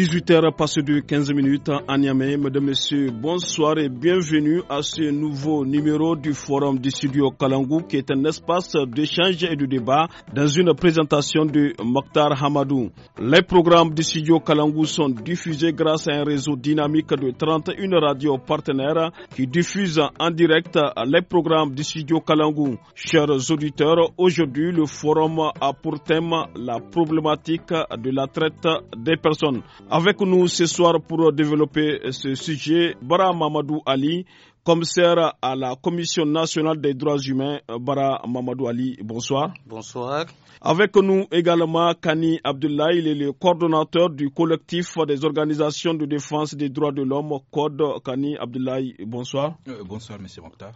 18h passé de 15 minutes à Niamey. Mesdames, Messieurs, bonsoir et bienvenue à ce nouveau numéro du Forum du Studio Kalangou qui est un espace d'échange et de débat dans une présentation de Mokhtar Hamadou. Les programmes du Studio Kalangou sont diffusés grâce à un réseau dynamique de 31 radios partenaires qui diffusent en direct les programmes du Studio Kalangou. Chers auditeurs, aujourd'hui, le Forum a pour thème la problématique de la traite des personnes. Avec nous ce soir pour développer ce sujet, Bara Mamadou Ali, commissaire à la Commission nationale des droits humains, Bara Mamadou Ali. Bonsoir. Bonsoir. Avec nous également Kani Abdullah, il est le coordonnateur du collectif des organisations de défense des droits de l'homme, Code Kani Abdullah. Bonsoir. Euh, bonsoir, Monsieur Mokhtar.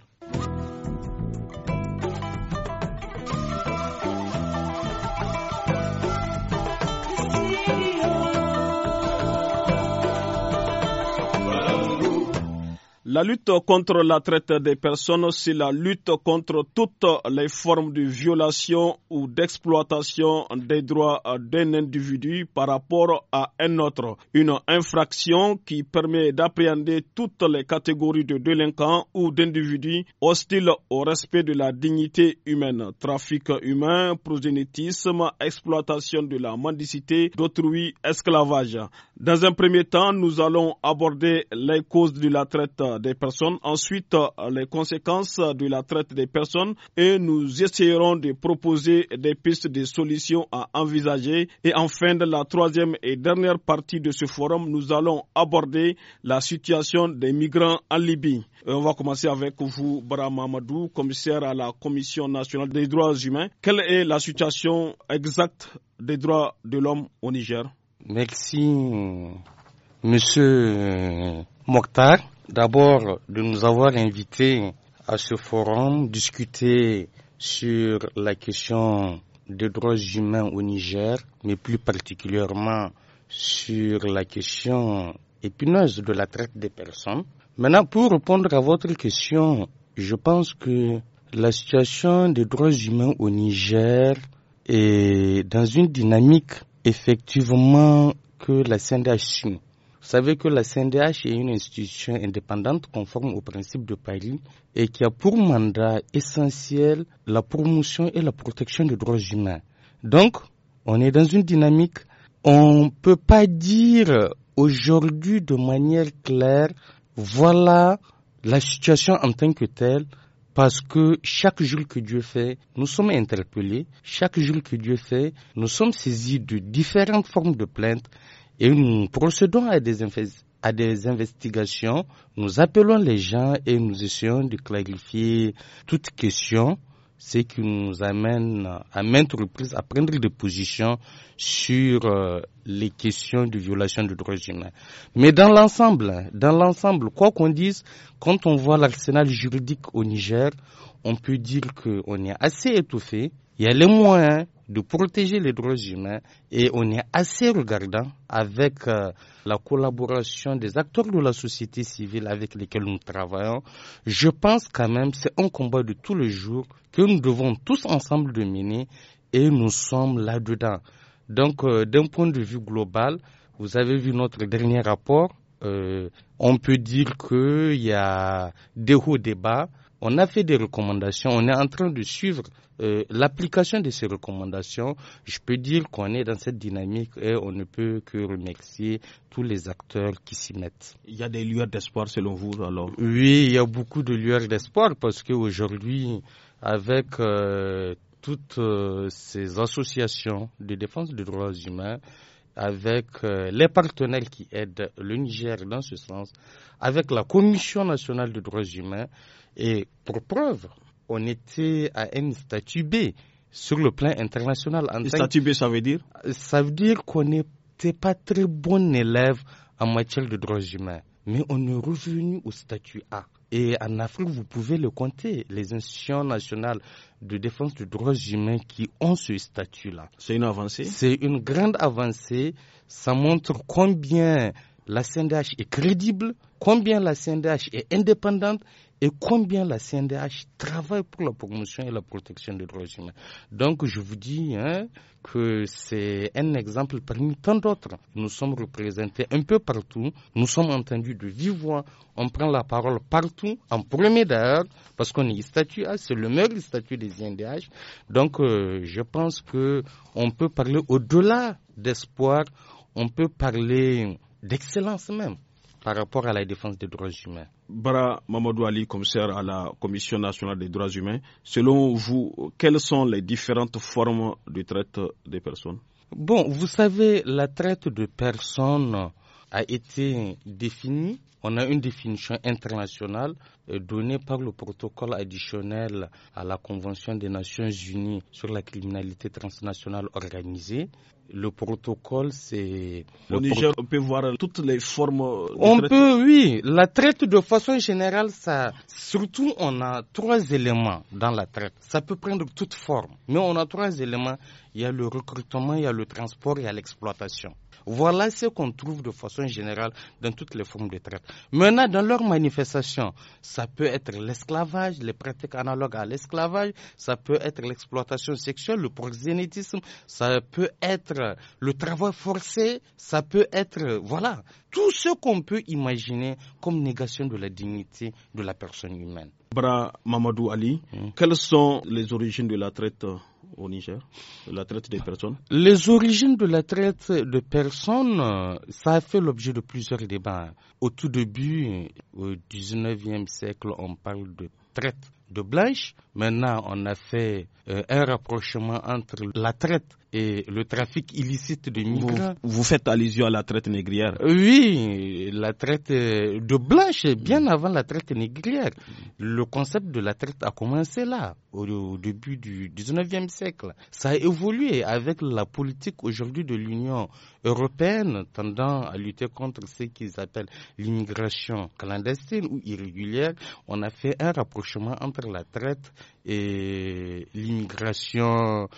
La lutte contre la traite des personnes, c'est la lutte contre toutes les formes de violation ou d'exploitation des droits d'un individu par rapport à un autre. Une infraction qui permet d'appréhender toutes les catégories de délinquants ou d'individus hostiles au respect de la dignité humaine. Trafic humain, progénitisme, exploitation de la mendicité, d'autrui, esclavage. Dans un premier temps, nous allons aborder les causes de la traite des personnes, ensuite euh, les conséquences de la traite des personnes et nous essayerons de proposer des pistes de solutions à envisager. Et enfin, de la troisième et dernière partie de ce forum, nous allons aborder la situation des migrants en Libye. on va commencer avec vous, Bram Mamadou, commissaire à la Commission nationale des droits humains. Quelle est la situation exacte des droits de l'homme au Niger Merci, euh, Monsieur euh, Mokhtar d'abord de nous avoir invités à ce forum, discuter sur la question des droits humains au Niger, mais plus particulièrement sur la question épineuse de la traite des personnes. Maintenant, pour répondre à votre question, je pense que la situation des droits humains au Niger est dans une dynamique effectivement que la CNDH vous savez que la CNDH est une institution indépendante conforme aux principes de Paris et qui a pour mandat essentiel la promotion et la protection des droits humains. Donc, on est dans une dynamique, on ne peut pas dire aujourd'hui de manière claire, voilà la situation en tant que telle, parce que chaque jour que Dieu fait, nous sommes interpellés, chaque jour que Dieu fait, nous sommes saisis de différentes formes de plaintes et nous procédons à des, à des investigations. Nous appelons les gens et nous essayons de clarifier toutes questions, ce qui nous amène à maintes reprises à prendre des positions sur euh, les questions de violation des droits humains. Mais dans l'ensemble, dans l'ensemble, quoi qu'on dise, quand on voit l'arsenal juridique au Niger, on peut dire qu'on est assez étouffé. Il y a les moyens, de protéger les droits humains et on est assez regardant avec euh, la collaboration des acteurs de la société civile avec lesquels nous travaillons. Je pense quand même c'est un combat de tous les jours que nous devons tous ensemble dominer et nous sommes là-dedans. Donc euh, d'un point de vue global, vous avez vu notre dernier rapport, euh, on peut dire qu'il y a des hauts, des bas. On a fait des recommandations, on est en train de suivre euh, l'application de ces recommandations, je peux dire qu'on est dans cette dynamique et on ne peut que remercier tous les acteurs qui s'y mettent. Il y a des lueurs d'espoir selon vous alors Oui, il y a beaucoup de lueurs d'espoir parce qu'aujourd'hui, avec euh, toutes euh, ces associations de défense des droits humains, avec les partenaires qui aident le Niger dans ce sens, avec la Commission nationale des droits humains. Et pour preuve, on était à un statut B sur le plan international. En statut B, ça veut dire euh, Ça veut dire qu'on n'était pas très bon élève en matière de droits humains. Mais on est revenu au statut A. Et en Afrique, vous pouvez le compter, les institutions nationales de défense des droits humains qui ont ce statut-là. C'est une avancée C'est une grande avancée. Ça montre combien la CNDH est crédible, combien la CNDH est indépendante et combien la CNDH travaille pour la promotion et la protection des droits humains. Donc je vous dis hein, que c'est un exemple parmi tant d'autres. Nous sommes représentés un peu partout, nous sommes entendus de vive voix, on prend la parole partout, en premier d'heure, parce qu'on est statut A, c'est le meilleur statut des CNDH. Donc euh, je pense qu'on peut parler au-delà d'espoir, on peut parler d'excellence même par rapport à la défense des droits humains. Bara Mamadou Ali, commissaire à la Commission nationale des droits humains, selon vous, quelles sont les différentes formes de traite des personnes Bon, vous savez, la traite de personnes a été définie. On a une définition internationale euh, donnée par le protocole additionnel à la Convention des Nations Unies sur la criminalité transnationale organisée. Le protocole, c'est... on peut voir toutes les formes. De on peut, oui. La traite, de façon générale, ça... Surtout, on a trois éléments dans la traite. Ça peut prendre toute forme. Mais on a trois éléments. Il y a le recrutement, il y a le transport, il y a l'exploitation. Voilà ce qu'on trouve de façon générale dans toutes les formes de traite. Maintenant, dans leurs manifestations, ça peut être l'esclavage, les pratiques analogues à l'esclavage, ça peut être l'exploitation sexuelle, le proxénétisme, ça peut être le travail forcé, ça peut être, voilà, tout ce qu'on peut imaginer comme négation de la dignité de la personne humaine. Bra Mamadou Ali, hmm. quelles sont les origines de la traite euh, au Niger, la traite des personnes Les origines de la traite de personnes, euh, ça a fait l'objet de plusieurs débats. Au tout début, euh, au 19e siècle, on parle de traite de blanche Maintenant, on a fait un rapprochement entre la traite et le trafic illicite de migrants. Vous, faites allusion à la traite négrière Oui, la traite euh, de blanche, bien avant la traite négrière. Le concept de la traite a commencé là, au, au début du 19e siècle. Ça a évolué avec la politique aujourd'hui de l'Union européenne tendant à lutter contre ce qu'ils appellent l'immigration clandestine ou irrégulière. On a fait un rapprochement entre la traite et l'immigration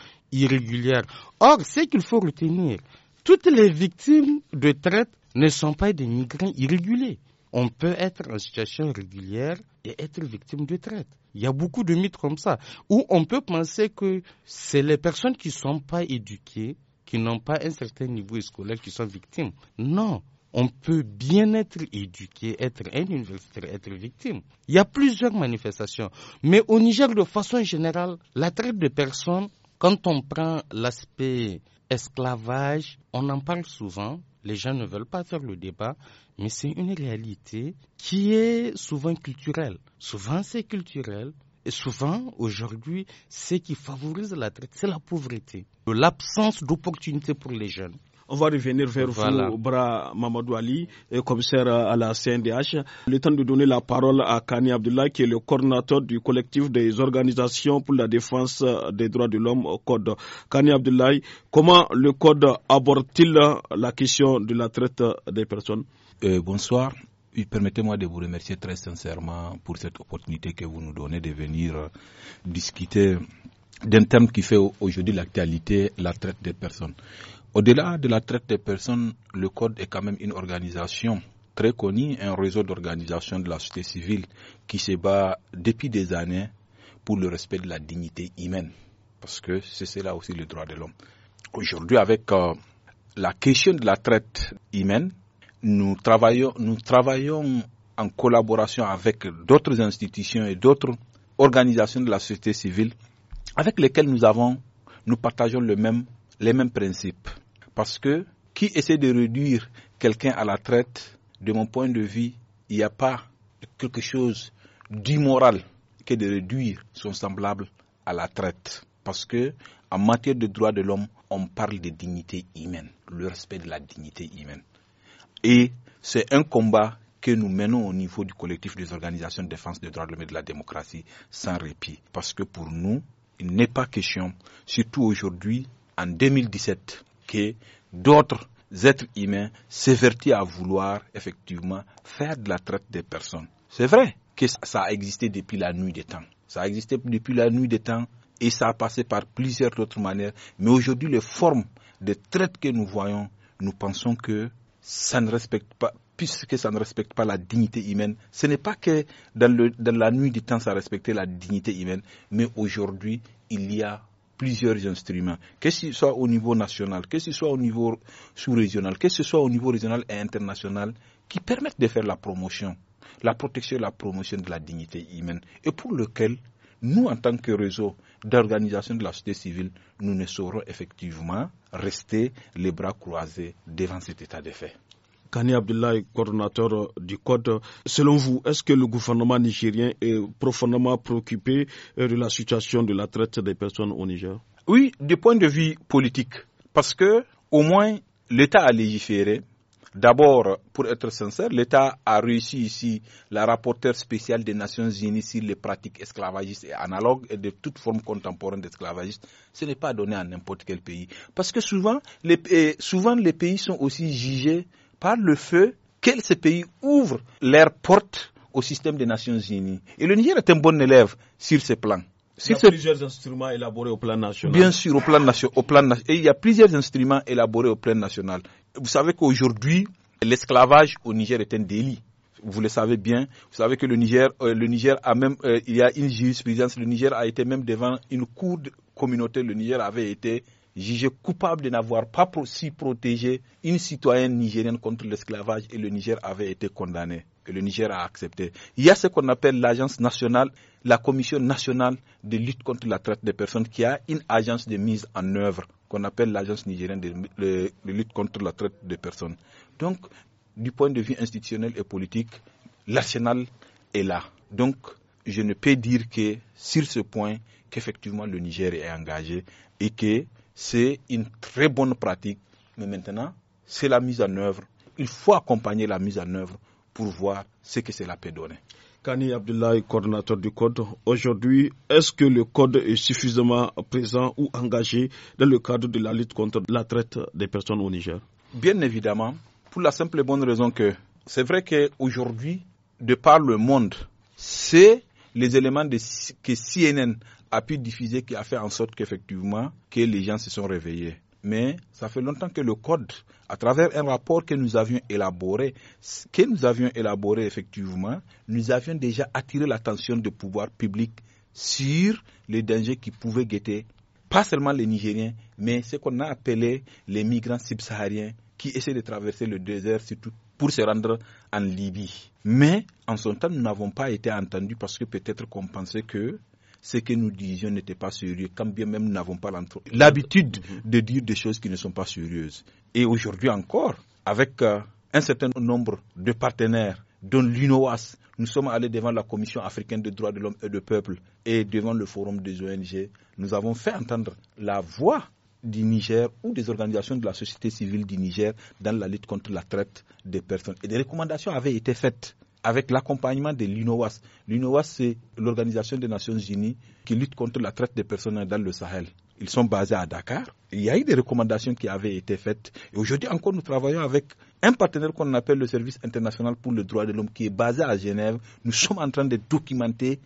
irrégulière. Or, ce qu'il faut retenir, toutes les victimes de traite ne sont pas des migrants irréguliers. On peut être en situation régulière et être victime de traite. Il y a beaucoup de mythes comme ça, où on peut penser que c'est les personnes qui ne sont pas éduquées, qui n'ont pas un certain niveau scolaire, qui sont victimes. Non, on peut bien être éduqué, être un universitaire, être victime. Il y a plusieurs manifestations. Mais au Niger, de façon générale, la traite de personnes quand on prend l'aspect esclavage, on en parle souvent, les gens ne veulent pas faire le débat, mais c'est une réalité qui est souvent culturelle. Souvent c'est culturel, et souvent, aujourd'hui, ce qui favorise la traite, c'est la pauvreté, l'absence d'opportunités pour les jeunes. On va revenir vers vous, Bra Mamadou Ali, euh, commissaire à la CNDH. Le temps de donner la parole à Kani Abdullah, qui est le coordinateur du collectif des organisations pour la défense des droits de l'homme au Code. Kani Abdullah, comment le Code aborde-t-il la question de la traite des personnes euh, Bonsoir. Permettez-moi de vous remercier très sincèrement pour cette opportunité que vous nous donnez de venir discuter d'un thème qui fait aujourd'hui l'actualité, la traite des personnes. Au-delà de la traite des personnes, le Code est quand même une organisation très connue, un réseau d'organisations de la société civile qui se bat depuis des années pour le respect de la dignité humaine, parce que c'est là aussi le droit de l'homme. Aujourd'hui, avec euh, la question de la traite humaine, nous travaillons, nous travaillons en collaboration avec d'autres institutions et d'autres organisations de la société civile avec lesquelles nous avons, nous partageons les mêmes principes. Parce que qui essaie de réduire quelqu'un à la traite, de mon point de vue, il n'y a pas quelque chose d'immoral que de réduire son semblable à la traite. Parce que, en matière de droits de l'homme, on parle de dignité humaine, le respect de la dignité humaine. Et c'est un combat que nous menons au niveau du collectif des organisations de défense des droits de l'homme et de la démocratie sans répit. Parce que pour nous, il n'est pas question, surtout aujourd'hui, en 2017, que d'autres êtres humains s'évertissent à vouloir effectivement faire de la traite des personnes. C'est vrai que ça a existé depuis la nuit des temps. Ça a existé depuis la nuit des temps et ça a passé par plusieurs autres manières. Mais aujourd'hui, les formes de traite que nous voyons, nous pensons que ça ne respecte pas, puisque ça ne respecte pas la dignité humaine. Ce n'est pas que dans, la nuit des temps, ça respectait la dignité humaine, mais aujourd'hui, il y a plusieurs instruments, que ce soit au niveau national, que ce soit au niveau sous-régional, que ce soit au niveau régional et international, qui permettent de faire la promotion, la protection et la promotion de la dignité humaine, et pour lequel nous, en tant que réseau d'organisation de la société civile, nous ne saurons effectivement rester les bras croisés devant cet état de fait. Kani Abdullah, coordonnateur du Code. Selon vous, est-ce que le gouvernement nigérien est profondément préoccupé euh, de la situation de la traite des personnes au Niger Oui, du point de vue politique. Parce que, au moins, l'État a légiféré. D'abord, pour être sincère, l'État a réussi ici la rapporteure spéciale des Nations Unies sur les pratiques esclavagistes et analogues et de toute forme contemporaine d'esclavagistes. Ce n'est pas donné à n'importe quel pays. Parce que souvent souvent, les pays sont aussi jugés par le feu, que ces pays ouvrent leurs portes au système des Nations Unies. Et le Niger est un bon élève sur ce plan. Il y a plusieurs instruments élaborés au plan national. Bien sûr, au plan national. Et il y a plusieurs instruments élaborés au plan national. Vous savez qu'aujourd'hui, l'esclavage au Niger est un délit vous le savez bien, vous savez que le Niger, euh, le Niger a même, euh, il y a une jurisprudence, le Niger a été même devant une cour de communauté. le Niger avait été jugé coupable de n'avoir pas si protégé une citoyenne nigérienne contre l'esclavage et le Niger avait été condamné. que le Niger a accepté. Il y a ce qu'on appelle l'agence nationale, la commission nationale de lutte contre la traite des personnes qui a une agence de mise en œuvre qu'on appelle l'agence nigérienne de, lutte contre la traite des personnes. Donc, du point de vue institutionnel et politique, l'arsenal est là. Donc, je ne peux dire que sur ce point, qu'effectivement le Niger est engagé et que c'est une très bonne pratique, mais maintenant, c'est la mise en œuvre. Il faut accompagner la mise en œuvre pour voir ce que cela peut donner. Kani Abdullah coordinateur du Code. Aujourd'hui, est-ce que le Code est suffisamment présent ou engagé dans le cadre de la lutte contre la traite des personnes au Niger Bien évidemment, pour la simple et bonne raison que c'est vrai qu'aujourd'hui, de par le monde, c'est les éléments de, que CNN a pu diffuser, qui a fait en sorte qu'effectivement, que les gens se sont réveillés. Mais ça fait longtemps que le code, à travers un rapport que nous avions élaboré, que nous avions élaboré effectivement, nous avions déjà attiré l'attention des pouvoirs publics sur les dangers qui pouvaient guetter pas seulement les Nigériens, mais ce qu'on a appelé les migrants subsahariens qui essaient de traverser le désert, surtout pour se rendre en Libye. Mais en son temps, nous n'avons pas été entendus parce que peut-être qu'on pensait que ce que nous disions n'était pas sérieux, quand bien même nous n'avons pas l'habitude mhm. de dire des choses qui ne sont pas sérieuses. Et aujourd'hui encore, avec euh, un certain nombre de partenaires, dont l'UNOAS, nous sommes allés devant la Commission africaine des droits de l'homme et du peuple et devant le forum des ONG. Nous avons fait entendre la voix du Niger ou des organisations de la société civile du Niger dans la lutte contre la traite des personnes. Et des recommandations avaient été faites avec l'accompagnement de l'UNOWAS. L'UNOWAS, c'est l'Organisation des Nations Unies qui lutte contre la traite des personnes dans le Sahel. Ils sont basés à Dakar. Il y a eu des recommandations qui avaient été faites. Et aujourd'hui encore, nous travaillons avec un partenaire qu'on appelle le Service international pour le droit de l'homme qui est basé à Genève. Nous sommes en train de documenter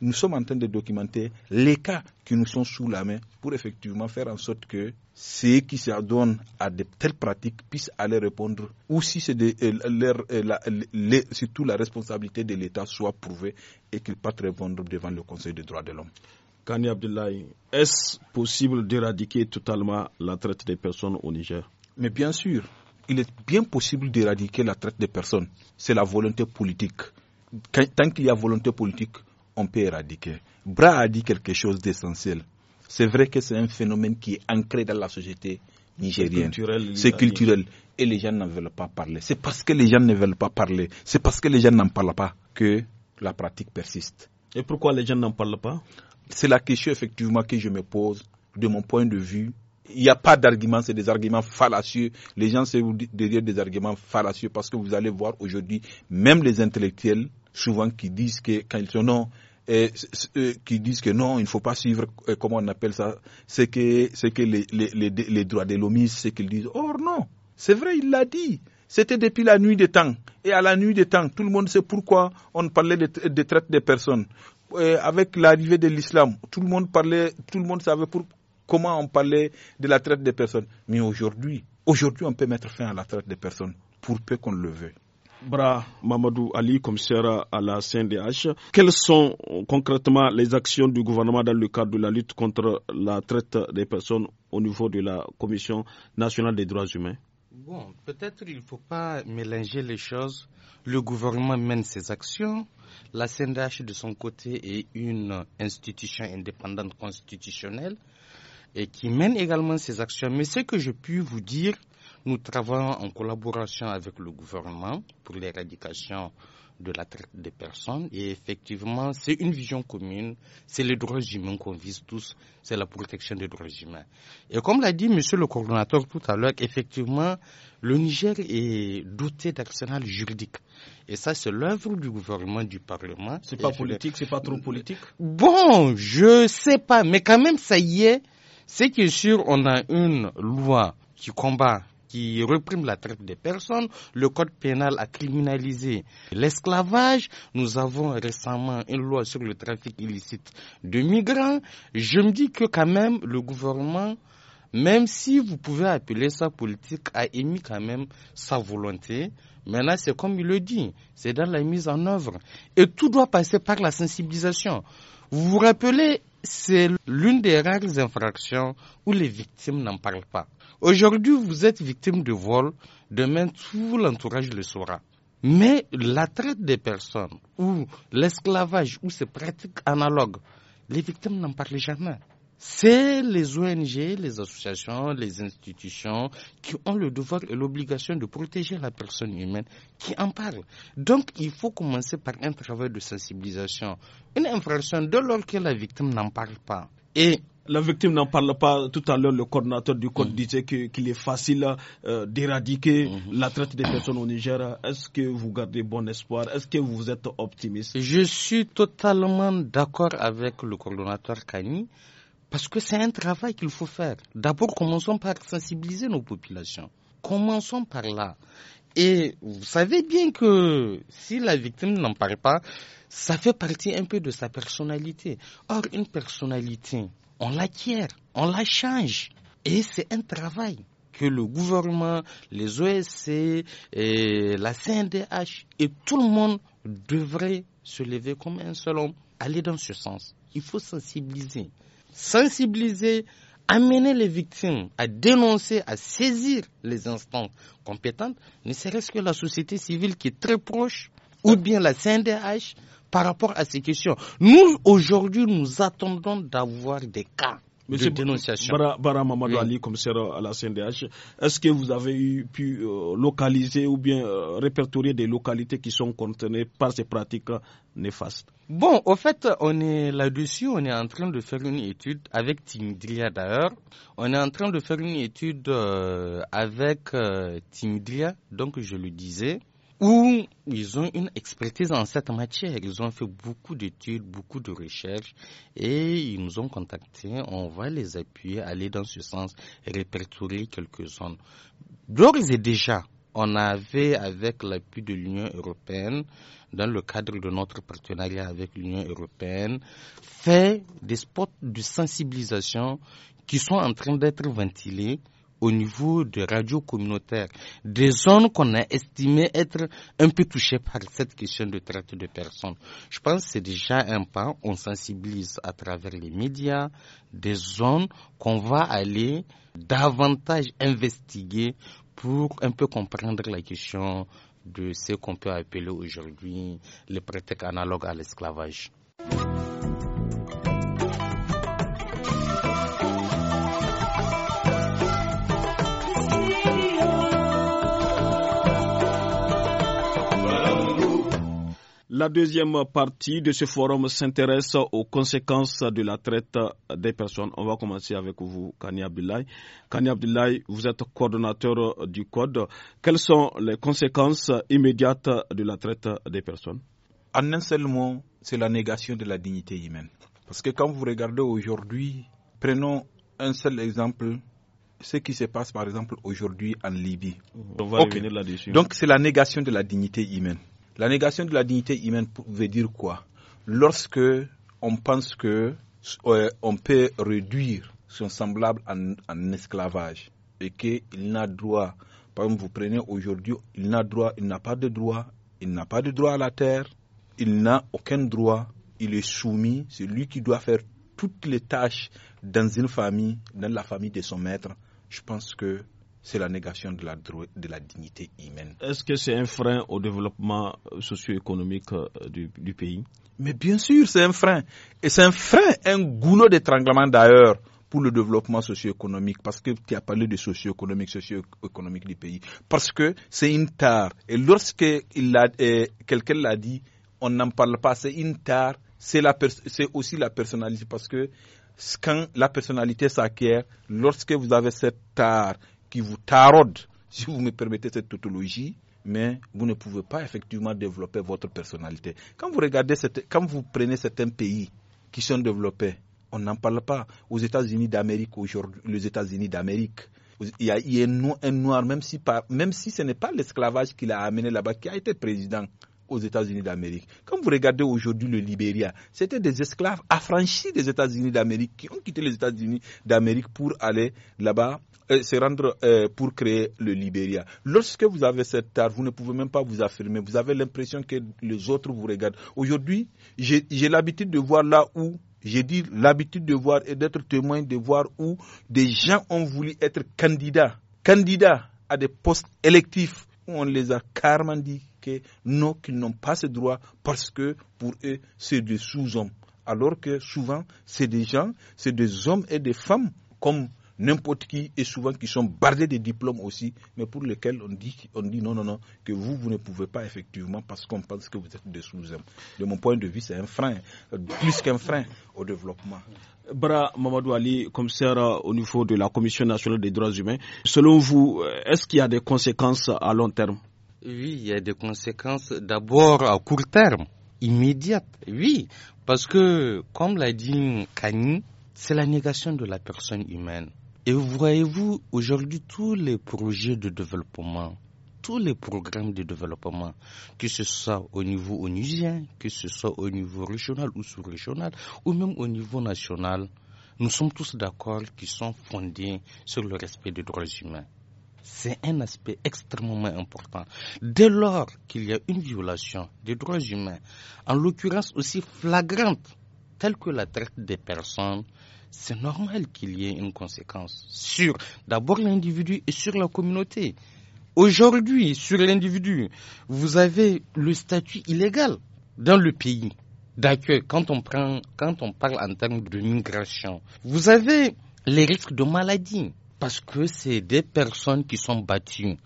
nous sommes en train de documenter les cas qui nous sont sous la main pour effectivement faire en sorte que ceux qui s'adonnent à de telles pratiques puissent aller répondre ou si c'est euh, euh, surtout la responsabilité de l'État soit prouvée et qu'ils partent répondre devant le Conseil des droits de l'homme. Kani Abdullahi, est-ce possible d'éradiquer totalement la traite des personnes au Niger Mais bien sûr, il est bien possible d'éradiquer la traite des personnes. C'est la volonté politique. Tant qu'il y a volonté politique, on peut éradiquer. Bra a dit quelque chose d'essentiel. C'est vrai que c'est un phénomène qui est ancré dans la société nigérienne. C'est culturel, Et les gens n'en veulent pas parler. C'est parce que les gens ne veulent pas parler, c'est parce que les gens n'en parlent pas que la pratique persiste. Et pourquoi les gens n'en parlent pas C'est la question effectivement que je me pose de mon point de vue. Il n'y a pas d'argument, c'est des arguments fallacieux. Les gens, c'est dire des arguments fallacieux parce que vous allez voir aujourd'hui, même les intellectuels, souvent qui disent que quand ils sont non, et ceux qui disent que non, il ne faut pas suivre, euh, comment on appelle ça, ce que, que les, droits de l'homme, c'est qu'ils disent. Or non, c'est vrai, il l'a dit. C'était depuis la nuit des temps. Et à la nuit des temps, tout le monde sait pourquoi on parlait de, de traite des personnes. Euh, avec l'arrivée de l'islam, tout le monde parlait, tout le monde savait pour, comment on parlait de la traite des personnes. Mais aujourd'hui, aujourd'hui, on peut mettre fin à la traite des personnes, pour peu qu'on le veuille. Bra Mamadou Ali, commissaire à la CNDH. Quelles sont euh, concrètement les actions du gouvernement dans le cadre de la lutte contre la traite des personnes au niveau de la Commission nationale des droits humains Bon, peut-être il ne faut pas mélanger les choses. Le gouvernement mène ses actions. La CNDH, de son côté, est une institution indépendante constitutionnelle et qui mène également ses actions. Mais ce que je puis vous dire, nous travaillons en collaboration avec le gouvernement pour l'éradication de la traite des personnes. Et effectivement, c'est une vision commune. C'est les droits humains qu'on vise tous. C'est la protection des droits humains. Et comme l'a dit monsieur le coordonnateur tout à l'heure, effectivement, le Niger est doté d'arsenal juridique. Et ça, c'est l'œuvre du gouvernement, du Parlement. C'est pas politique, c'est pas trop politique? Bon, je sais pas. Mais quand même, ça y est. C'est que sûr, on a une loi qui combat qui reprime la traite des personnes. Le code pénal a criminalisé l'esclavage. Nous avons récemment une loi sur le trafic illicite de migrants. Je me dis que quand même le gouvernement, même si vous pouvez appeler ça politique, a émis quand même sa volonté. Maintenant, c'est comme il le dit, c'est dans la mise en œuvre. Et tout doit passer par la sensibilisation. Vous vous rappelez, c'est l'une des rares infractions où les victimes n'en parlent pas. Aujourd'hui, vous êtes victime de vol, demain, tout l'entourage le saura. Mais la traite des personnes ou l'esclavage ou ces pratiques analogues, les victimes n'en parlent jamais. C'est les ONG, les associations, les institutions qui ont le devoir et l'obligation de protéger la personne humaine qui en parlent. Donc il faut commencer par un travail de sensibilisation. Une infraction de l'ordre que la victime n'en parle pas. Et la victime n'en parle pas. Tout à l'heure, le coordinateur du code mm. disait qu'il est facile euh, d'éradiquer mm. la traite des personnes au Niger. Est-ce que vous gardez bon espoir Est-ce que vous êtes optimiste Je suis totalement d'accord avec le coordonnateur Kani parce que c'est un travail qu'il faut faire. D'abord, commençons par sensibiliser nos populations. Commençons par là. Et vous savez bien que si la victime n'en parle pas, ça fait partie un peu de sa personnalité. Or, une personnalité on l'acquiert, on la change. Et c'est un travail que le gouvernement, les OSC, et la CNDH et tout le monde devraient se lever comme un seul homme, aller dans ce sens. Il faut sensibiliser. Sensibiliser, amener les victimes à dénoncer, à saisir les instances compétentes, ne serait-ce que la société civile qui est très proche, ou bien la CNDH, par rapport à ces questions. Nous, aujourd'hui, nous attendons d'avoir des cas. de dénonciation. Bara, Ali, commissaire à la CNDH, est-ce que vous avez eu, pu euh, localiser ou bien euh, répertorier des localités qui sont contenues par ces pratiques néfastes Bon, au fait, on est là-dessus, on est en train de faire une étude avec Timidria d'ailleurs. On est en train de faire une étude euh, avec Timidria, donc je le disais où ils ont une expertise en cette matière. Ils ont fait beaucoup d'études, beaucoup de recherches et ils nous ont contactés. On va les appuyer, aller dans ce sens, répertorier quelques zones. D'ores et déjà, on avait, avec l'appui de l'Union européenne, dans le cadre de notre partenariat avec l'Union européenne, fait des spots de sensibilisation qui sont en train d'être ventilés au niveau de radio communautaire, des zones qu'on a estimé être un peu touchées par cette question de traite de personnes. Je pense que c'est déjà un pas. On sensibilise à travers les médias des zones qu'on va aller davantage investiguer pour un peu comprendre la question de ce qu'on peut appeler aujourd'hui les pratiques analogues à l'esclavage. La deuxième partie de ce forum s'intéresse aux conséquences de la traite des personnes. On va commencer avec vous, Kani Abdoulaye. Kani vous êtes coordonnateur du Code. Quelles sont les conséquences immédiates de la traite des personnes En un seul mot, c'est la négation de la dignité humaine. Parce que quand vous regardez aujourd'hui, prenons un seul exemple, ce qui se passe par exemple aujourd'hui en Libye. Donc c'est la négation de la dignité humaine. La négation de la dignité humaine veut dire quoi Lorsque on pense que euh, on peut réduire son semblable en, esclavage et qu'il n'a droit, par exemple vous prenez aujourd'hui, il n'a droit, il n'a pas de droit, il n'a pas de droit à la terre, il n'a aucun droit, il est soumis, c'est lui qui doit faire toutes les tâches dans une famille, dans la famille de son maître. Je pense que c'est la négation de la, de la dignité humaine. Est-ce que c'est un frein au développement euh, socio-économique euh, du, pays Mais bien sûr, c'est un frein. Et c'est un frein, un goulot d'étranglement d'ailleurs pour le développement socio-économique, parce que tu as parlé de socio-économique, socio-économique du pays, parce que c'est une tare. Et lorsque quelqu'un l'a dit, on n'en parle pas, c'est une tare, c'est aussi la personnalité, parce que quand la personnalité s'acquiert, lorsque vous avez cette tare, qui vous taraude, si vous me permettez cette tautologie, mais vous ne pouvez pas effectivement développer votre personnalité. Quand vous regardez, cette, quand vous prenez certains pays qui sont développés, on n'en parle pas. Aux États-Unis d'Amérique aujourd'hui, les États-Unis d'Amérique, il y a, un, noir, même si, même si ce n'est pas l'esclavage qui l'a amené là-bas, qui a été président aux États-Unis d'Amérique. Comme vous regardez aujourd'hui le Libéria, c'était des esclaves affranchis des États-Unis d'Amérique qui ont quitté les États-Unis d'Amérique pour aller là-bas euh, se rendre euh, pour créer le Libéria. Lorsque vous avez cette art, vous ne pouvez même pas vous affirmer. Vous avez l'impression que les autres vous regardent. Aujourd'hui, j'ai l'habitude de voir là où j'ai dit l'habitude de voir et d'être témoin de voir où des gens ont voulu être candidats, candidats à des postes électifs où on les a carrément dit non, qu'ils n'ont pas ce droit parce que pour eux, c'est des sous-hommes. Alors que souvent, c'est des gens, c'est des hommes et des femmes comme n'importe qui et souvent qui sont bardés de diplômes aussi, mais pour lesquels on dit, on dit non, non, non, que vous, vous ne pouvez pas effectivement parce qu'on pense que vous êtes des sous-hommes. De mon point de vue, c'est un frein, euh, plus qu'un frein au développement. Bra Mamadou Ali, commissaire euh, au niveau de la Commission nationale des droits humains, selon vous, euh, est-ce qu'il y a des conséquences à long terme oui, il y a des conséquences d'abord à court terme, immédiates. Oui, parce que, comme l'a dit Kani, c'est la négation de la personne humaine. Et voyez-vous, aujourd'hui, tous les projets de développement, tous les programmes de développement, que ce soit au niveau onusien, que ce soit au niveau régional ou sous-régional, ou même au niveau national, nous sommes tous d'accord qu'ils sont fondés sur le respect des droits humains. C'est un aspect extrêmement important. Dès lors qu'il y a une violation des droits humains, en l'occurrence aussi flagrante, telle que la traite des personnes, c'est normal qu'il y ait une conséquence sur d'abord l'individu et sur la communauté. Aujourd'hui, sur l'individu, vous avez le statut illégal dans le pays d'accueil. Quand on quand on parle en termes de migration, vous avez les risques de maladie parce que c'est des personnes qui sont battues.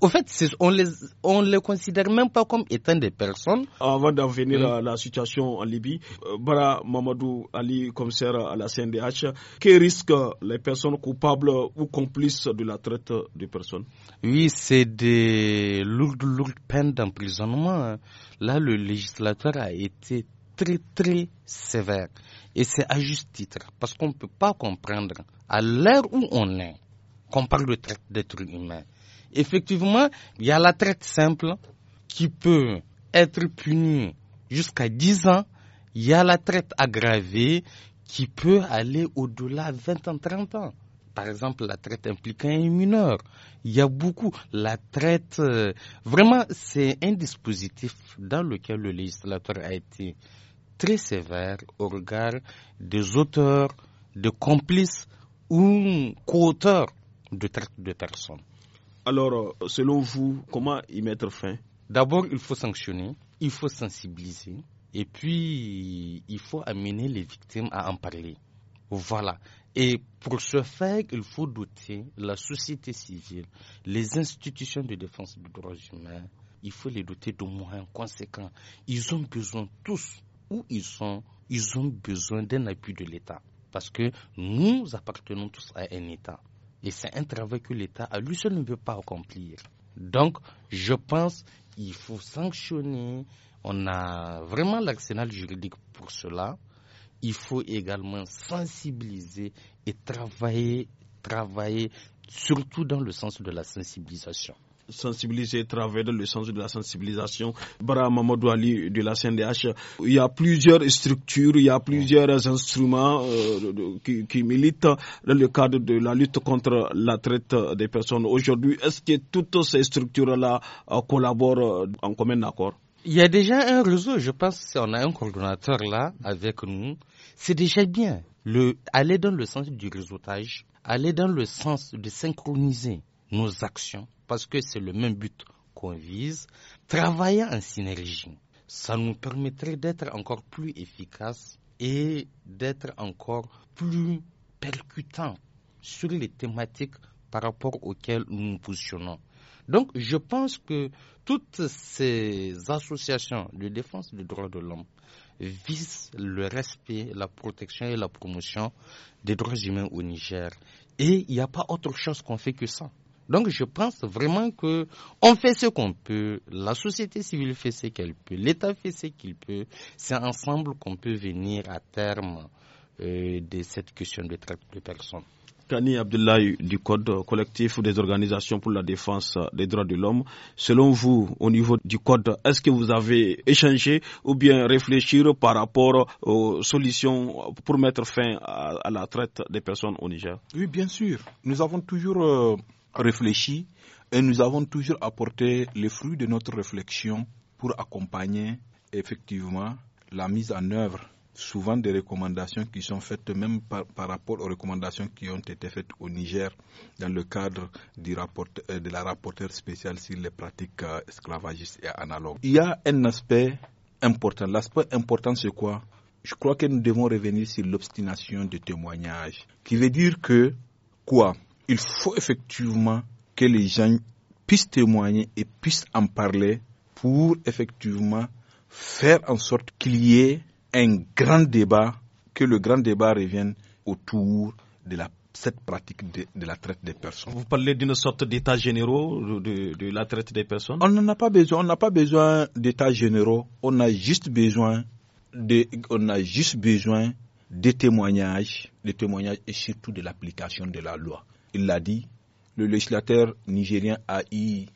Au fait, on les on les considère même pas comme étant des personnes. Avant d'en venir mm. à la situation en Libye, euh, Bara Mamadou Ali, commissaire à la CNDH, que risquent les personnes coupables ou complices de la traite des personnes Oui, c'est des lourdes lourdes peines d'emprisonnement. Hein. Là, le législateur a été très très sévère. Et c'est à juste titre, parce qu'on ne peut pas comprendre, à l'heure où on est, qu'on parle de traite d'êtres humains. Effectivement, il y a la traite simple qui peut être punie jusqu'à 10 ans. Il y a la traite aggravée qui peut aller au-delà de 20 ans, 30 ans. Par exemple, la traite impliquant un mineur. Il y a beaucoup. La traite, euh, vraiment, c'est un dispositif dans lequel le législateur a été très sévère au regard des auteurs, des complices ou co-auteurs de traite de personnes. Alors, euh, selon vous, comment y mettre fin D'abord, il faut sanctionner, il faut sensibiliser, et puis il faut amener les victimes à en parler. Voilà. Et pour ce faire, il faut doter la société civile, les institutions de défense des droits humains, il faut les doter de moyens conséquents. Ils ont besoin tous où ils sont, ils ont besoin d'un appui de l'État. Parce que nous appartenons tous à un État. Et c'est un travail que l'État à lui seul ne peut pas accomplir. Donc, je pense qu'il faut sanctionner. On a vraiment l'arsenal juridique pour cela. Il faut également sensibiliser et travailler, travailler surtout dans le sens de la sensibilisation sensibiliser, travailler dans le sens de la sensibilisation. Bara Mamadou Ali de la CNDH, il y a plusieurs structures, il y a plusieurs instruments euh, qui, militent dans le cadre de la lutte contre la traite des personnes. Aujourd'hui, est-ce que toutes ces structures-là euh, collaborent euh, en commun accord Il y a déjà un réseau, je pense, on a un coordonnateur là avec nous. C'est déjà bien. aller dans le sens du réseautage, aller dans le sens de synchroniser nos actions, parce que c'est le même but qu'on vise, travailler en synergie. Ça nous permettrait d'être encore plus efficaces et d'être encore plus percutants sur les thématiques par rapport auxquelles nous nous positionnons. Donc je pense que toutes ces associations de défense des droits de l'homme visent le respect, la protection et la promotion des droits humains au Niger. Et il n'y a pas autre chose qu'on fait que ça. Donc je pense vraiment que on fait ce qu'on peut, la société civile fait ce qu'elle peut, l'État fait ce qu'il peut. C'est ensemble qu'on peut venir à terme euh, de cette question de traite de personnes. Kani Abdullahi du Code collectif des organisations pour la défense des droits de l'homme. Selon vous, au niveau du Code, est-ce que vous avez échangé ou bien réfléchi par rapport aux solutions pour mettre fin à, la traite des personnes au Niger Oui, bien sûr. Nous avons toujours euh, réfléchi et nous avons toujours apporté les fruits de notre réflexion pour accompagner effectivement la mise en œuvre souvent des recommandations qui sont faites même par, rapport aux recommandations qui ont été faites au Niger dans le cadre du rapport, euh, de la rapporteure spéciale sur les pratiques euh, esclavagistes et analogues. Il y a un aspect important. L'aspect important, c'est quoi Je crois que nous devons revenir sur l'obstination de témoignage, qui veut dire que quoi il faut effectivement que les gens puissent témoigner et puissent en parler pour effectivement faire en sorte qu'il y ait un grand débat, que le grand débat revienne autour de cette pratique de, la traite des personnes. Vous parlez d'une sorte d'état généraux de, la traite des personnes On n'en a pas besoin, on n'a pas besoin d'état généraux, on a juste besoin de, on a juste besoin des témoignages, des témoignages et surtout de l'application de la loi il l'a dit, le législateur nigérien a eu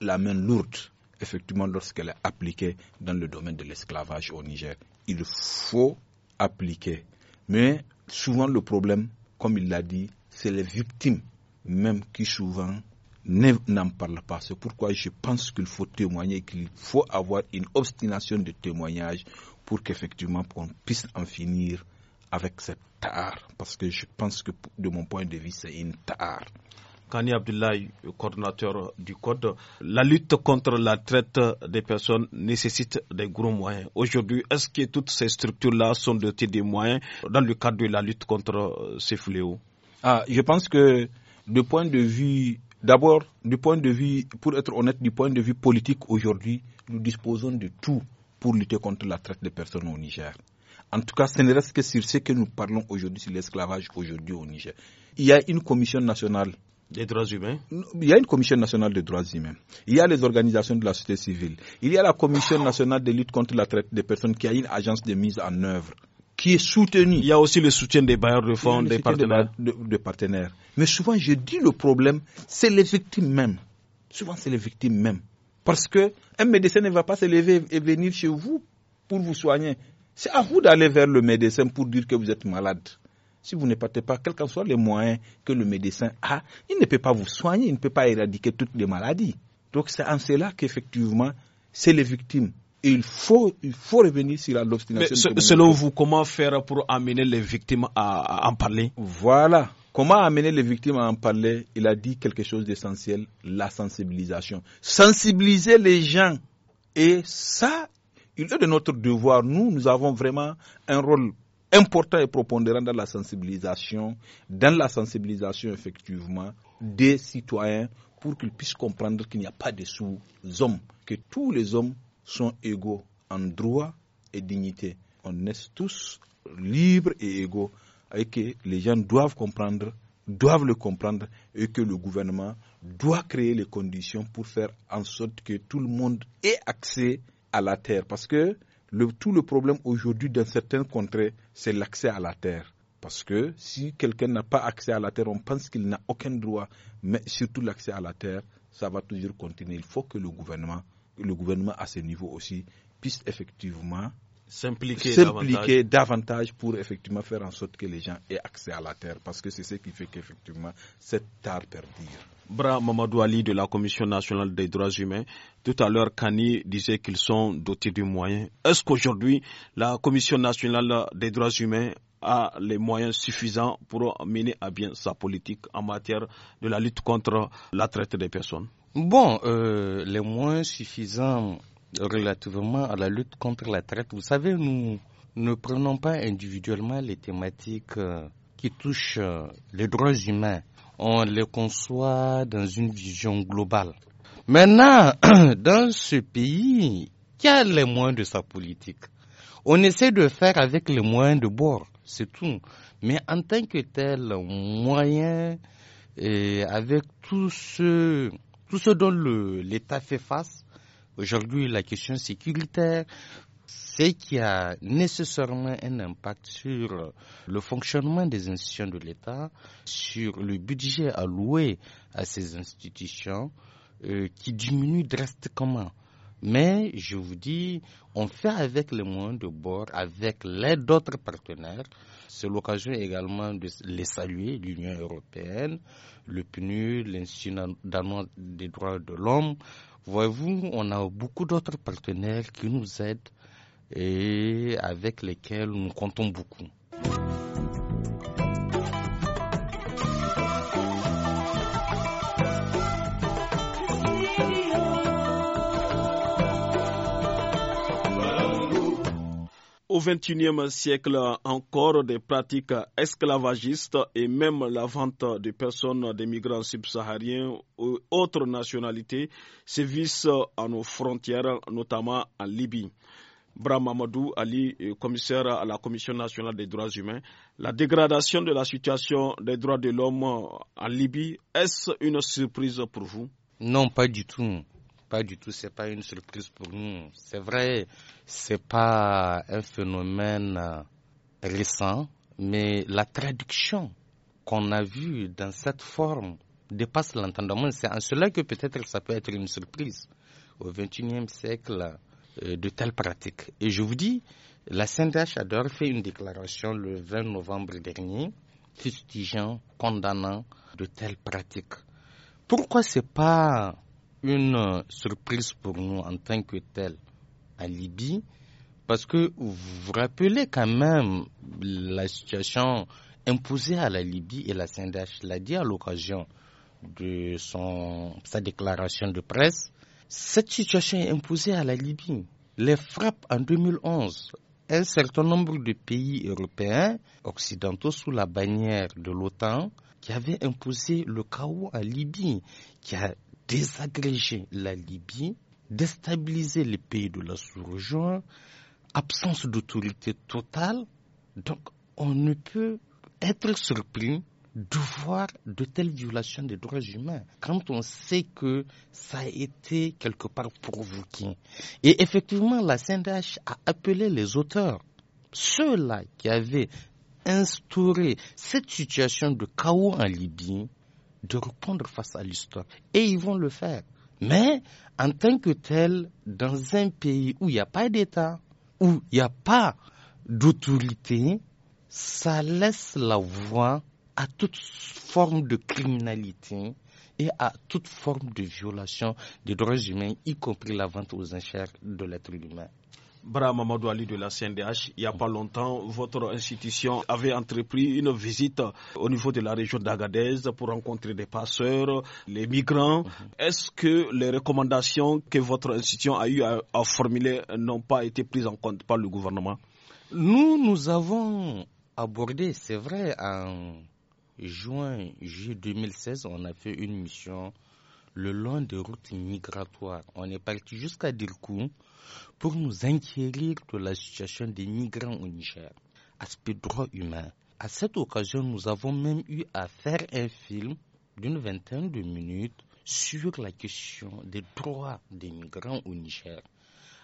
la main lourde, effectivement, lorsqu'elle est appliquée dans le domaine de l'esclavage au Niger. Il faut appliquer. Mais souvent, le problème, comme il l'a dit, c'est les victimes, même qui souvent n'en parlent pas. C'est pourquoi je pense qu'il faut témoigner, qu'il faut avoir une obstination de témoignage pour qu'effectivement on puisse en finir avec cette taar, parce que je pense que de mon point de vue, c'est une taar. Kani Abdoulaye, coordinateur du Code, la lutte contre la traite des personnes nécessite des gros moyens. Aujourd'hui, est-ce que toutes ces structures-là sont dotées des moyens dans le cadre de la lutte contre ces fléaux ah, Je pense que du point de vue, d'abord, du point de vue, pour être honnête, du point de vue politique aujourd'hui, nous disposons de tout pour lutter contre la traite des personnes au Niger. En tout cas, ce ne reste que sur ce que nous parlons aujourd'hui, sur l'esclavage aujourd'hui au Niger. Il y a une commission nationale des droits humains Il y a une commission nationale des droits humains. Il y a les organisations de la société civile. Il y a la commission nationale de lutte contre la traite des personnes qui a une agence de mise en œuvre qui est soutenue. Il y a aussi le soutien des bailleurs de fonds, des partenaires. partenaires. Mais souvent, je dis le problème, c'est les victimes même. Souvent, c'est les victimes même. Parce que un médecin ne va pas se lever et venir chez vous pour vous soigner. C'est à vous d'aller vers le médecin pour dire que vous êtes malade. Si vous ne partez pas, quels qu'en soient les moyens que le médecin a, il ne peut pas vous soigner, il ne peut pas éradiquer toutes les maladies. Donc c'est en cela qu'effectivement, c'est les victimes. il faut, il faut revenir sur l'obstination. selon vous, comment faire pour amener les victimes à en parler Voilà. Comment amener les victimes à en parler Il a dit quelque chose d'essentiel, la sensibilisation. Sensibiliser les gens. Et ça, il est de notre devoir, nous, nous avons vraiment un rôle important et propondérant dans la sensibilisation, dans la sensibilisation effectivement des citoyens pour qu'ils puissent comprendre qu'il n'y a pas de sous-hommes, que tous les hommes sont égaux en droit et dignité. On est tous libres et égaux et que les gens doivent comprendre, doivent le comprendre et que le gouvernement doit créer les conditions pour faire en sorte que tout le monde ait accès à la terre. Parce que tout le problème aujourd'hui dans certains contrées, c'est l'accès à la terre. Parce que si quelqu'un n'a pas accès à la terre, on pense qu'il n'a aucun droit, mais surtout l'accès à la terre, ça va toujours continuer. Il faut que le gouvernement, le gouvernement à ce niveau aussi, puisse effectivement s'impliquer davantage. pour effectivement faire en sorte que les gens aient accès à la terre, parce que c'est ce qui fait qu'effectivement cette terre perdure. Bra Mamadou Ali de la Commission nationale des droits humains, tout à l'heure, Kani disait qu'ils sont dotés de moyens. Est-ce qu'aujourd'hui, la Commission nationale des droits humains a les moyens suffisants pour mener à bien sa politique en matière de la lutte contre la traite des personnes Bon, euh, les moyens suffisants, relativement à la lutte contre la traite. Vous savez, nous ne prenons pas individuellement les thématiques euh, qui touchent euh, les droits humains. On les conçoit dans une vision globale. Maintenant, dans ce pays, qui a les moyens de sa politique On essaie de faire avec les moyens de bord, c'est tout. Mais en tant que tel, moyen, et avec tout ce, tout ce dont l'État fait face, Aujourd'hui, la question sécuritaire, c'est qu'il y a nécessairement un impact sur le fonctionnement des institutions de l'État, sur le budget alloué à ces institutions euh, qui diminue drastiquement. Mais je vous dis, on fait avec les moyens de bord, avec l'aide d'autres partenaires. C'est l'occasion également de les saluer, l'Union européenne, le PNUD, l'Institut danois des droits de l'homme. Voyez-vous, on a beaucoup d'autres partenaires qui nous aident et avec lesquels nous comptons beaucoup. au XXIe siècle encore des pratiques esclavagistes et même la vente de personnes des migrants subsahariens ou autres nationalités sévissent à nos frontières, notamment en Libye. Brahmamadou Ali, euh, commissaire à la Commission nationale des droits humains, la dégradation de la situation des droits de l'homme en Libye, est-ce une surprise pour vous Non, pas du tout. Pas du tout, c'est pas une surprise pour nous. C'est vrai, c'est pas un phénomène euh, récent, mais la traduction qu'on a vue dans cette forme dépasse l'entendement. C'est en cela que peut-être ça peut être une surprise au XXIe siècle euh, de telles pratiques. Et je vous dis, la CNDH a fait une déclaration le 20 novembre dernier, fustigeant, condamnant de telles pratiques. Pourquoi c'est pas une euh, surprise pour nous en tant que tel à Libye, parce que vous vous rappelez quand même la situation imposée à la Libye et la CNDH l'a dit à l'occasion de son, sa déclaration de presse. Cette situation est imposée à la Libye. Les frappes en 2011, un certain nombre de pays européens occidentaux sous la bannière de l'OTAN qui avaient imposé le chaos à Libye, qui a désagréger la Libye, déstabiliser les pays de la sous-région, absence d'autorité totale. Donc, on ne peut être surpris de voir de telles violations des droits humains quand on sait que ça a été quelque part provoqué. Et effectivement, la CNDH a appelé les auteurs, ceux-là qui avaient instauré cette situation de chaos en Libye, de répondre face à l'histoire. Et ils vont le faire. Mais en tant que tel, dans un pays où il n'y a pas d'État, où il n'y a pas d'autorité, ça laisse la voie à toute forme de criminalité et à toute forme de violation des droits humains, y compris la vente aux enchères de l'être humain. Brahma Mamadou Ali de la CNDH, il n'y a pas longtemps, votre institution avait entrepris une visite au niveau de la région d'Agadez pour rencontrer des passeurs, les migrants. Mhm. Est-ce que les recommandations que votre institution a eu à, à formuler n'ont pas été prises en compte par le gouvernement Nous, nous avons abordé, c'est vrai, en juin, juillet 2016, on a fait une mission le long des routes migratoires. On est parti jusqu'à Dirkou pour nous inquiéter de la situation des migrants au Niger. Aspect droit humain. À cette occasion, nous avons même eu à faire un film d'une vingtaine de minutes sur la question des droits des migrants au Niger,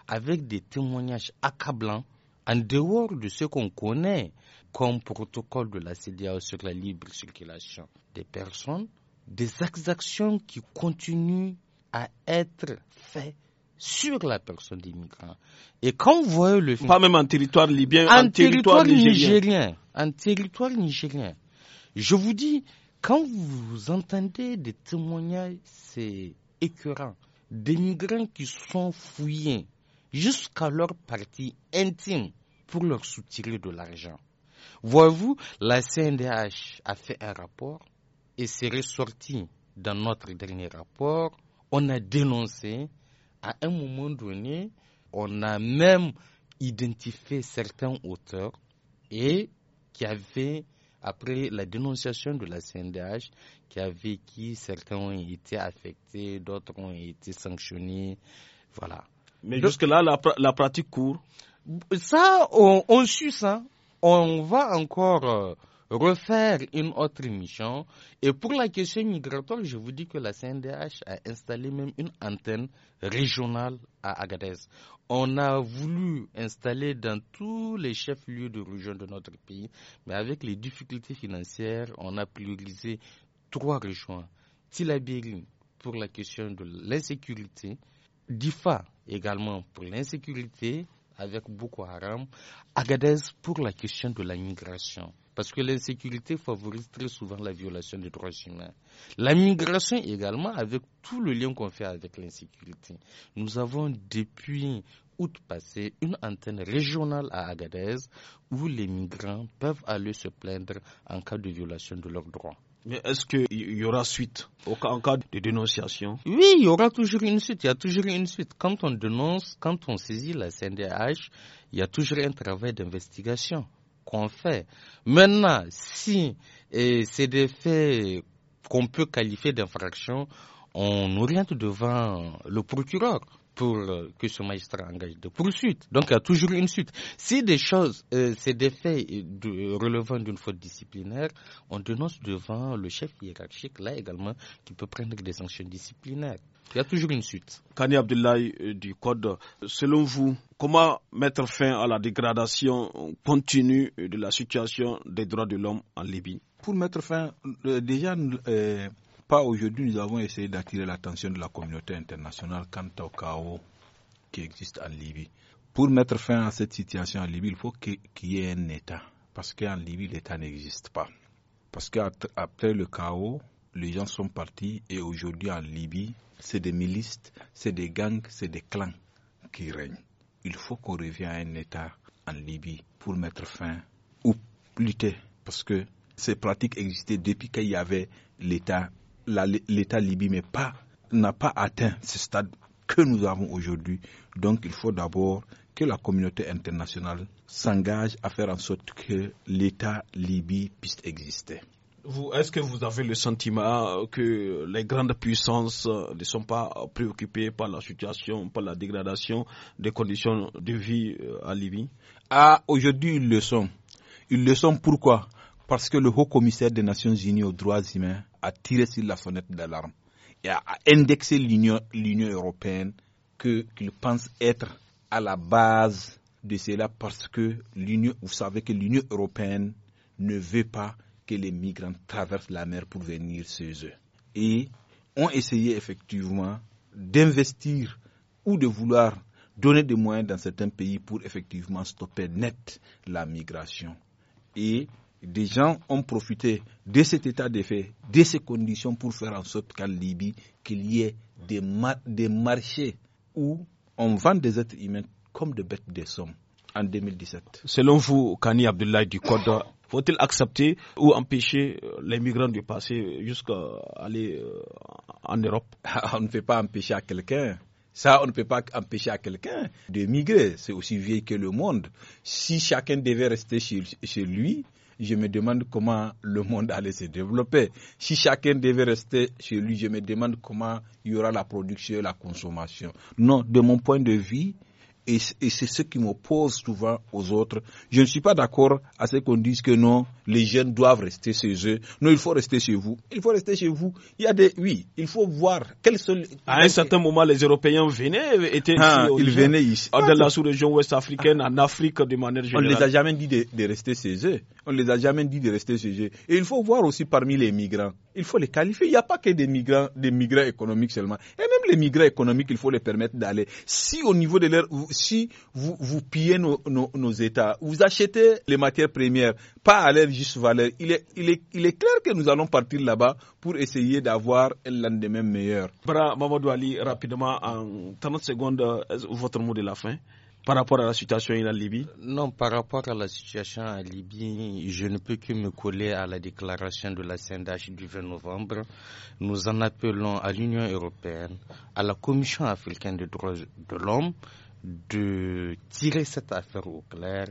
avec des témoignages accablants en dehors de ce qu'on connaît comme protocole de la CDAO sur la libre circulation des personnes, des exactions qui continuent à être faites sur la personne des migrants. Et quand vous voyez le film... Pas même en territoire libyen, en, territoire, nigérien. En territoire nigérien. Je vous dis, quand vous entendez des témoignages, c'est écœurant. Des migrants qui sont fouillés jusqu'à leur partie intime pour leur soutirer de l'argent. Voyez-vous, la CNDH a fait un rapport et c'est ressorti dans notre dernier rapport, on a dénoncé à un moment donné, on a même identifié certains auteurs et qui avaient, après la dénonciation de la CNDH, qui avaient qui certains ont été affectés, d'autres ont été sanctionnés. Voilà. Mais jusque-là, la, pratique court. Ça, on, on suit ça. On va encore euh, refaire une autre mission. Et pour la question migratoire, je vous dis que la CNDH a installé même une antenne régionale à Agadez. On a voulu installer dans tous les chefs-lieux de région de notre pays, mais avec les difficultés financières, on a priorisé trois régions. Tillabéri pour la question de l'insécurité, Difa également pour l'insécurité avec Boko Haram, Agadez pour la question de la migration. Parce que l'insécurité favorise très souvent la violation des droits humains. La migration également, avec tout le lien qu'on fait avec l'insécurité. Nous avons depuis août passé une antenne régionale à Agadez où les migrants peuvent aller se plaindre en cas de violation de leurs droits. Mais est-ce qu'il y aura suite en cas de dénonciation Oui, il y aura toujours une suite. Il y a toujours une suite. Quand on dénonce, quand on saisit la CNDH, il y a toujours un travail d'investigation qu'on fait. Maintenant, si c'est des faits qu'on peut qualifier d'infraction, on oriente devant le procureur pour euh, que ce magistrat engage de poursuites. Donc il y a toujours une suite. Si des choses, ces euh, c'est des faits euh, relevant d'une faute disciplinaire, on dénonce devant le chef hiérarchique, là également, qui peut prendre des sanctions disciplinaires. Il y a toujours une suite. Kani Abdullahi du Code, selon vous, comment mettre fin à la dégradation continue de la situation des droits de l'homme en Libye Pour mettre fin, déjà, aujourd'hui, nous avons essayé d'attirer l'attention de la communauté internationale quant au chaos qui existe en Libye. Pour mettre fin à cette situation en Libye, il faut qu'il y ait un État. Parce qu'en Libye, l'État n'existe pas. Parce qu'après le chaos, les gens sont partis et aujourd'hui en Libye, c'est des milices, c'est des gangs, c'est des clans qui règnent. Il faut qu'on revienne à un État en Libye pour mettre fin ou lutter parce que ces pratiques existaient depuis qu'il y avait l'État l'État libye n'a pas, atteint ce stade que nous avons aujourd'hui. Donc il faut d'abord que la communauté internationale s'engage à faire en sorte que l'État libye puisse exister. Est-ce que vous avez le sentiment que les grandes puissances euh, ne sont pas préoccupées par la situation, par la dégradation des conditions de vie à euh, Libye Ah, aujourd'hui, ils le sont. Ils le sont pourquoi Parce que le haut commissaire des Nations Unies aux droits humains à tirer sur la sonnette d'alarme et à indexer l'Union européenne qu'ils pensent être à la base de cela parce que l'Union, vous savez que l'Union européenne ne veut pas que les migrants traversent la mer pour venir chez eux. Et ont essayé effectivement d'investir ou de vouloir donner des moyens dans certains pays pour effectivement stopper net la migration. Et des gens ont profité de cet état de fait, de ces conditions pour faire en sorte qu'en Libye, qu'il y ait des, marchés où on vend des êtres humains comme des bêtes de somme en 2017. Selon vous, Kani Abdullah du Code, faut-il accepter ou empêcher euh, les migrants de passer jusqu'à aller euh, en Europe On ne peut pas empêcher à quelqu'un. Ça, on ne peut pas empêcher à quelqu'un de migrer. C'est aussi vieux que le monde. Si chacun devait rester chez lui, je me demande comment le monde allait se développer. Si chacun devait rester chez lui, je me demande comment il y aura la production et la consommation. Non, de mon point de vue, et, c'est ce qui m'oppose souvent aux autres, je ne suis pas d'accord à ce qu'on dise que non, les jeunes doivent rester chez eux. Non, il faut rester chez vous. Il faut rester chez vous. Il y a des, oui, il faut voir quels sont. À un certain moment, les Européens venaient, euh, étaient ah, ici, ils venaient ici. Ah, de la sous-région ouest-africaine, en Afrique de manière générale. On ne les a jamais dit de, rester chez eux. On les a jamais dit de rester chez eux. Et il faut voir aussi parmi les migrants. Il faut les qualifier. Il n'y a pas que des migrants, des migrants économiques seulement. Et même les migrants économiques, il faut les permettre d'aller. Si au niveau de leur, si vous, vous pillez nos, nos États, vous achetez les matières premières, pas à leur juste valeur. Il est, il est, il est clair que nous allons partir là-bas pour essayer d'avoir un lendemain meilleur. Bra Mamadou Ali, rapidement, en 30 secondes, votre mot de la fin par rapport à la situation en Libye Non, par rapport à la situation en Libye, je ne peux que me coller à la déclaration de la CNDH du 20 novembre. Nous en appelons à l'Union européenne, à la Commission africaine des droits de l'homme, de tirer cette affaire au clair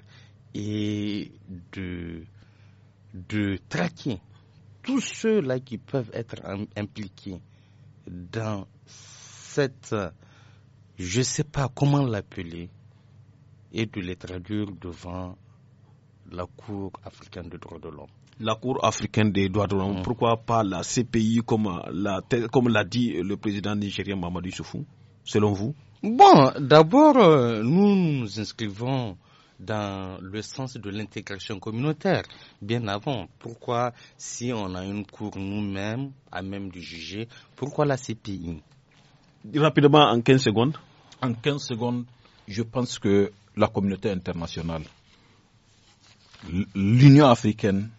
et de, de traquer tous ceux-là qui peuvent être impliqués dans cette, je ne sais pas comment l'appeler, et de les traduire devant la Cour africaine des droits de l'homme. La Cour africaine des droits de l'homme, mmh. pourquoi pas la CPI comme l'a comme l'a dit le président nigérien Mamadou Soufou, selon vous Bon, d'abord, euh, nous nous inscrivons dans le sens de l'intégration communautaire bien avant. Pourquoi, si on a une cour nous-mêmes à même de juger, pourquoi la CPI Rapidement, en 15 secondes. En 15 secondes, je pense que la communauté internationale, l'Union africaine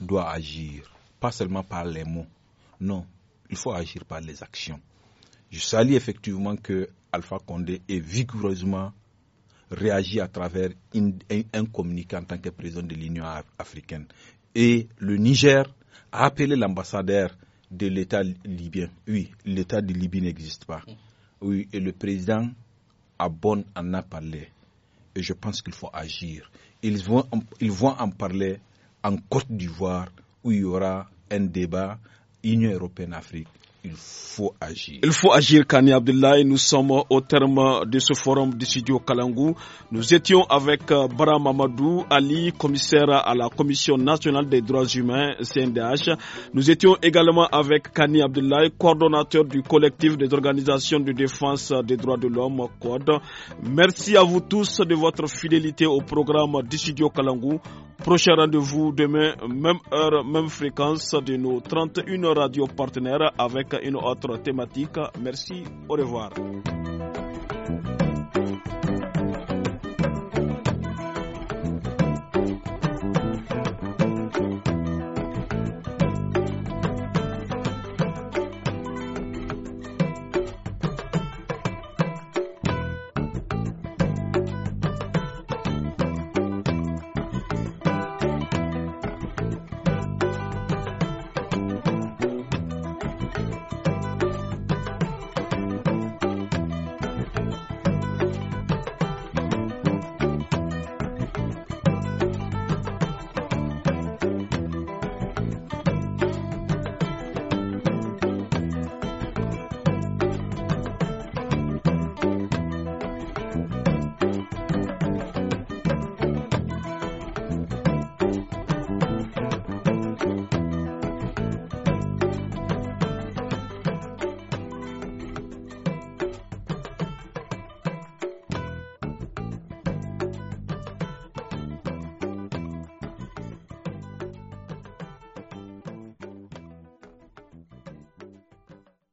doit agir, pas seulement par les mots. Non, il faut agir par les actions. Je salue effectivement que Alpha Condé est vigoureusement réagit à travers un, communiqué en tant que président de l'Union africaine. Et le Niger a appelé l'ambassadeur de l'État libyen. Oui, l'État de Libye n'existe pas. Mm. Oui, et le président Abon en a parlé. Et je pense qu'il faut agir. Ils vont, ils vont en parler en Côte d'Ivoire, où il y aura un débat Union européenne-Afrique il faut agir. Il faut agir, Kani Abdullahi. Nous sommes au terme de ce forum de studio Kalangou. Nous étions avec euh, Bara Mamadou Ali, commissaire à la Commission nationale des droits humains, CNDH. Nous étions également avec Kani Abdullahi, coordonnateur du collectif des organisations de défense des droits de l'homme, COD. Merci à vous tous de votre fidélité au programme de studio Kalangou. Prochain rendez-vous demain, même heure, même fréquence de nos 31 radios partenaires avec une autre thématique. Merci, au revoir.